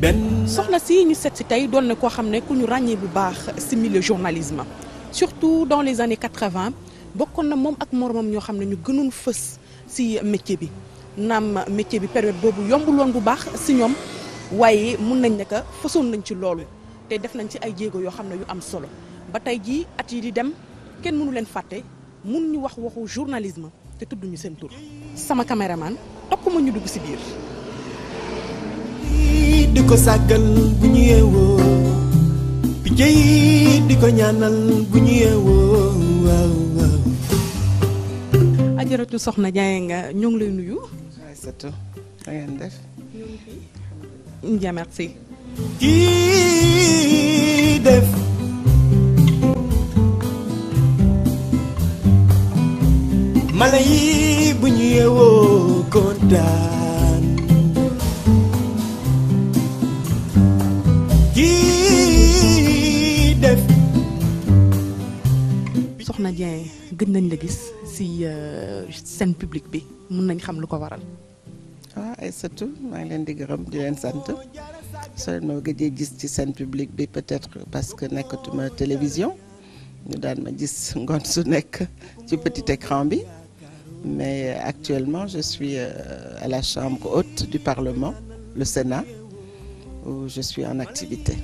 benn soxna si ñu seet si tey doon na koo xam ne ku ñu ràññee bu baax si milieu journalisme surtout dans les années 80 bokkoon na moom ak moromam ñoo xam ne ñu gënoon fës si métier bi naam métier bi période boobu yombuloon bu baax si ñoom waaye mun nañ ne que fësoon nañ ci loolu te def nañ ci ay jéego yoo xam ne yu am solo ba tey jii at yi di dem kenn mënu leen fàtte mun ñu wax waxu journalisme te tudd ñu seen tur sama caméraman topp ma ñu dugg si biir. di ko sàggal bu ñu yeewoo picc yi di ko ñaanal bu ñu yeewoo waaw waaw. ajaratu soxna Diagne nga ñoo ngi lay nuyu. waaye sëtu def. mala yi bu ñu yeewoo kontaan. Soxna Dieng gën nañ la gis si euh, scène publique bi mun nañ xam lu ko waral. ah ay surtout maa ngi leen di gërëm di leen sant soo noo gëjee gis ci scène publique bi peut-être parce que nekkatuma télévision ñu daan ma gis ngoon su nekk ci petit écran bi mais euh, actuellement je suis euh, à la chambre haute du Parlement le Sénat où je suis en activité.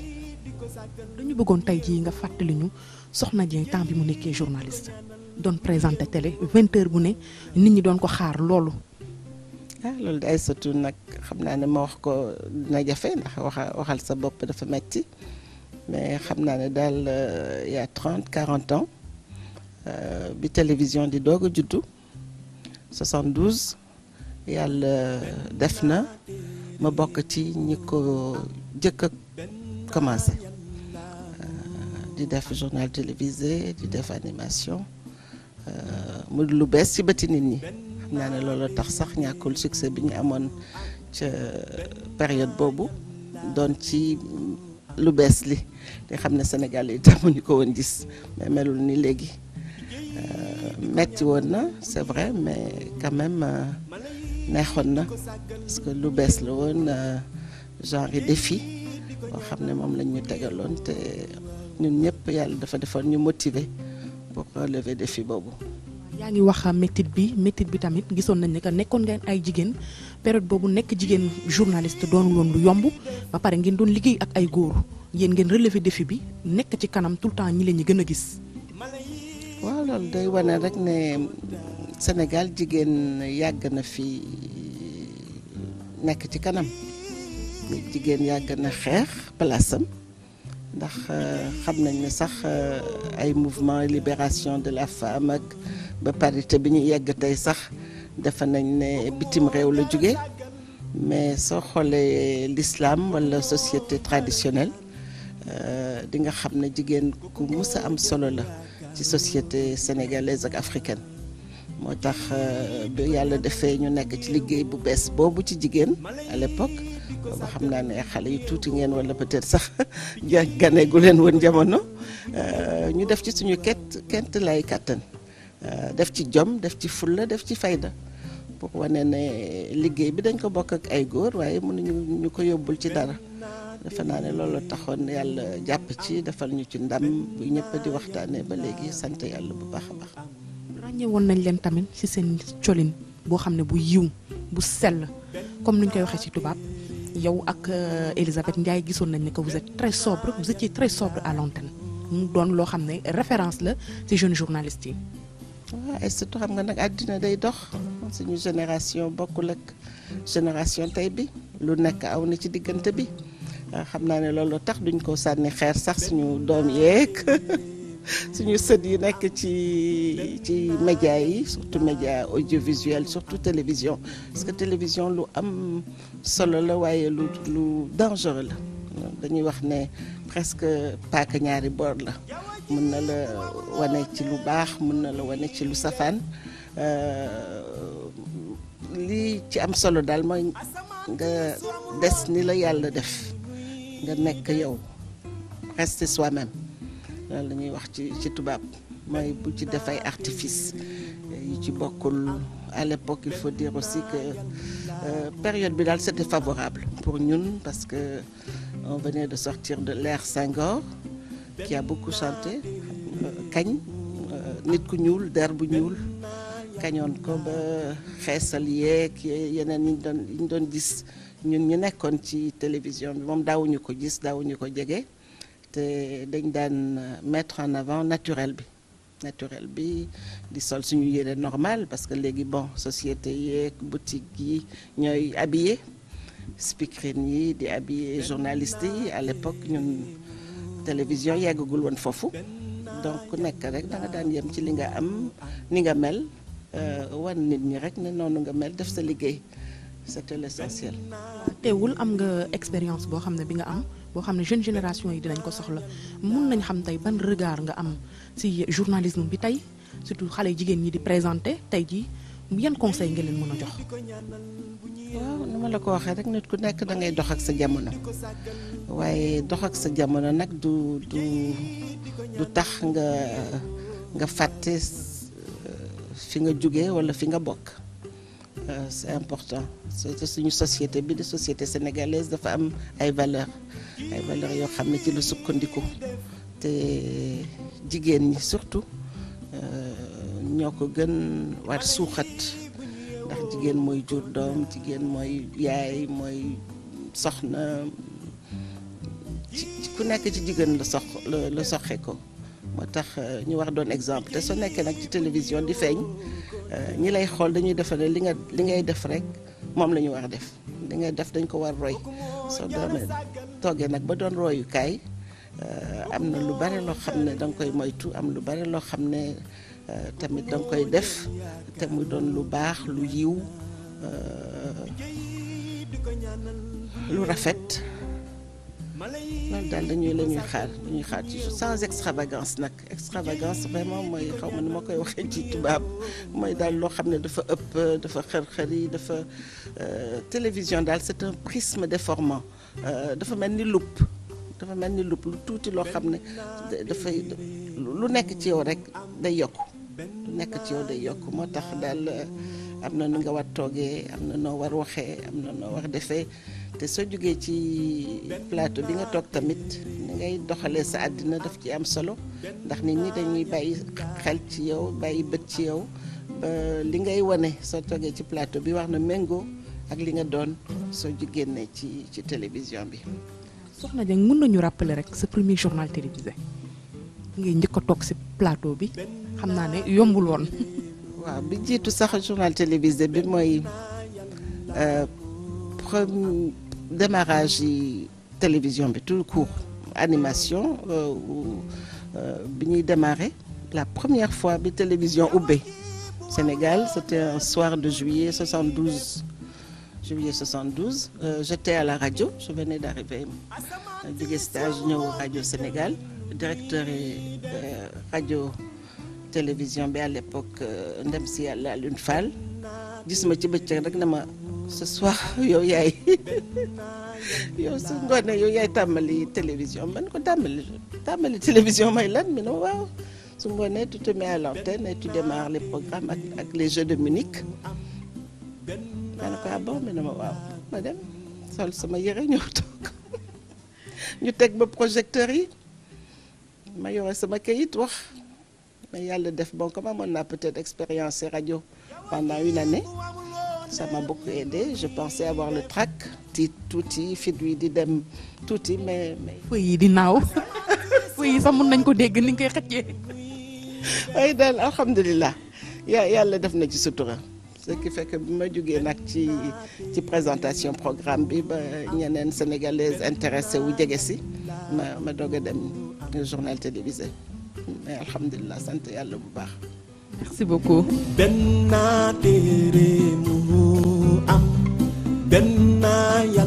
dañu bëggoon tey jii nga fàttali ñu. Soxna Dieng temps bi mu nekkee journaliste doon présenté télé vingt heures bu ne nit ñi doon ko xaar loolu. ah loolu de ay surtout nag xam naa ne ma wax ko dina jafe ndax waxa waxal sa bopp dafa metti mais xam naa ne daal euh, y a trente quarante ans euh, bi télévision di doog a juddu yàlla def na ma bokk ci ñi ko jëkk a commencé. di def journal télévisé di def animation euh, mu lu bees ci bëti nit ñi xam naa ne loolu tax sax ñàkkul succès bi ñu amoon ca période boobu doon ci lu bees li te xam ne Sénégal yi tamuñu ko woon gis mais melul ni léegi euh, metti woon na c'est vrai mais quand euh, neexoon na parce que lu bees la woon genre défi boo xam ne moom lañ ñu tegaloon te ñun ñëpp yàlla dafa defoon ñu motiver pour relever défi boobu. yaa ngi wax métit bi métit bi tamit gisoon nañ ne que nekkoon ngeen ay jigéen période boobu nekk jigéen journaliste doonul woon lu yomb ba pare ngeen doon liggéey ak ay góor yéen ngeen relever défi bi nekk ci kanam tout le ñi leen ñi gën a gis. waaw loolu rek ne Sénégal jigéen yàgg na fi nekk ci kanam jigéen yàgg na xeex palaasam. ndax euh, xam nañ ne sax euh, ay mouvement libération de la femme ak ba parité bi ñu yegg tey sax defa nañ ne bitim réew la jóge mais soo xoolee l'islam wala société traditionnelle euh, di nga xam ne jigéen ku mus am solo la ci société sénégalaise ak africaine moo tax bi yàlla defee ñu nekk ci liggéey bu bees boobu ci jigéen à l'époque ba xam naa ne xale yi tuuti ngeen wala peut-être sax ganeegu leen woon jamono euh, ñu def ci suñu kett kent lay kàttan euh, def ci jom def ci fulla def ci fayda pour wane ne liggéey bi dañ ko bokk ak ay góor waaye mun mënuñu ñu ko yóbbul ci dara defe naa ne loolu taxoon yàlla jàpp ci defal ñu ci ndam bu ñëpp di waxtaanee ba léegi sant yàlla bu baax a baax. ràññewoon nañ leen tamit ci seen colin boo xam ne bu yiw bu sell comme ni ñu koy waxee ci tubaab. yow ak euh, Elisabeth Ndiaye gisoon nañ ne que vous êtes très sobre vous étiez très sobre à l'antenne mu doon loo xam ne référence la ci jeunes journalistes yi. waaw surtout xam nga nag àddina day dox suñu génération bokkul ak génération tey bi lu nekk aw na ci diggante bi ah, xam naa ne loolu tax duñ ko sànni xeer sax suñu doom yeeg. suñu sët yi nekk ci ci média yi surtout média audiovisuel surtout télévision parce que télévision lu am solo la waaye lu lu dangereux la dañuy wax ne presque paaka ñaari boor la mën na la wane ci lu baax mën na la wane ci lu safaan euh, lii ci am solo daal mooy nga des ni la yàlla def nga nekk yow rester soi-même loolu wax ci ci tubaab mooy bu ci def ay artifice euh, yu ci bokkul à l'époque il faut dire aussi que euh, période bi daal c'était favorable pour ñun parce que on venait de sortir de l'ère Senghor ki a beaucoup chanté euh, kañ nit ku ñuul der bu ñuul kañoon ko ba xeesal yeeg yeneen yiñ doon doon gis ñun ñu nekkoon ci télévision bi moom daawuñu ko gis daawuñu ko jege te dañ daan euh, mettre en avant naturel bi naturel bi di sol suñu yére normal parce que léegi bon société yeeg boutique yi ñooy habillé speakerine yi di habillé journaliste yi à l'époque ñun télévision yeggagul woon foofu donc ku nekk rek da nga daan yem ci li nga am ni nga mel euh, wan nit ñi rek ne noonu nga mel def sa liggéey c'était l'essentiel. teewul am nga expérience boo xam ne bi nga am. boo xam ne jeune génération yi dinañ ko soxla mun nañ xam tey ban regard nga am ci journalisme bi tey surtout xale yi jigéen ñi di présenté tey jii yan conseil nga leen mën a jox. nu ma la ko waxee rek nit ku nekk da ngay dox ak sa jamono waaye dox ak sa jamono nag du du tax nga nga fàtte euh, fi nga jóge walla fi nga bokk. Euh, c'est important c'est suñu société bi de société sénégalaise dafa am ay valeur ay valeur yoo xam ne ci la sukkandiku te jigéen ñi surtout euh, ñoo ko gën war suuxat ndax jigéen mooy jur doom jigéen mooy yaay mooy soxna ci ku nekk ci jigéen la sox la soxe ko moo tax euh, ñu wax doon exemple te su nekkee nag ci télévision di feeñ euh, ñi lay xool dañuy defa li nga li ngay def rek moom la ñu war a def li ngay def dañ ko war roy soo doon toogee nag ba doon royukaay euh, am na lu bare loo xam ne danga koy moytu am lu bare loo xam ne tamit danga koy def te mu doon lu baax lu yiw lu rafet loolu daal dañuy la ñuy xaar dañuy xaar ci sans extravagance nag extravagance vraiment mooy xaw ma nu ma koy waxee ci tubaab mooy daal loo xam ne dafa ëpp dafa xër-xër yi dafa euh, télévision daal c'est un prisme déformant euh, dafa mel ni loupe dafa mel ni lup lu tuuti loo xam ne dafay lu nekk ci yow rek day yokk lu nekk ci yow day yokk moo tax daal. Euh, am na nu nga war toogee am na noo war waxee am na noo wax defee te soo jógee ci plateau bi nga toog tamit ni ngay doxalee sa àddina daf ci am solo ndax nit ñi dañuy bàyyi xel ci yow bàyyi bët ci yow ba li ngay wane soo toogee ci plateau bi wax na méngoo ak li nga doon soo ju génnee ci ci télévision bi. soxna Dieng mën nañu rappeler rek sa premier journal télévisé ngay njëkk a toog si plateau bi xam naa ne yombuloon waaw bi jiitu sax journal télévisé bi mooy euh, premier démarrage yi télévision bi tout court animation euh, euh, bi ñuy démarrer la première fois bi télévision ubbee Sénégal c'était un soir de juillet 72 juillet 72 euh, j'étais à la radio je Sénégal directeur euh, radio télévision bi à l'époque euh, ndem si yàlla Alioune Fall gis ma ci bëccëg rek na ma ce soir yow yaay su ngoone yow yaay tàmbali télévision man ko tàmbali tàmbali télévision may lan mi ne waaw su ngoonee tu te mets à l'antenne et tu démarres les programmes ak ak les de Munich ma ne ko ah bon mi ne ma waaw ma sol sama yére ñëw toog ñu teg ba projecteur yi ma yore sama kayit wax mais yàlla def boo comme amoon naa peut-être expérience radio pendant une année ça m'a beaucoup aidé je pensais avoir le trac ti tuuti fit wi di dem tuuti mais mais. fooy di naaw fooy sax mun nañ ko dégg ni nga koy xëccee. waaye daal yàlla def na ci sutura ce qui fait que bi ma jógee nag ci ci présentation programme bi ba ñeneen sénégalaise intéressé wu jege si ma ma doog dem journal télévisé. mais alhamdulilah sant yàlla bu baax. merci beaucoup. benn téere mu am benn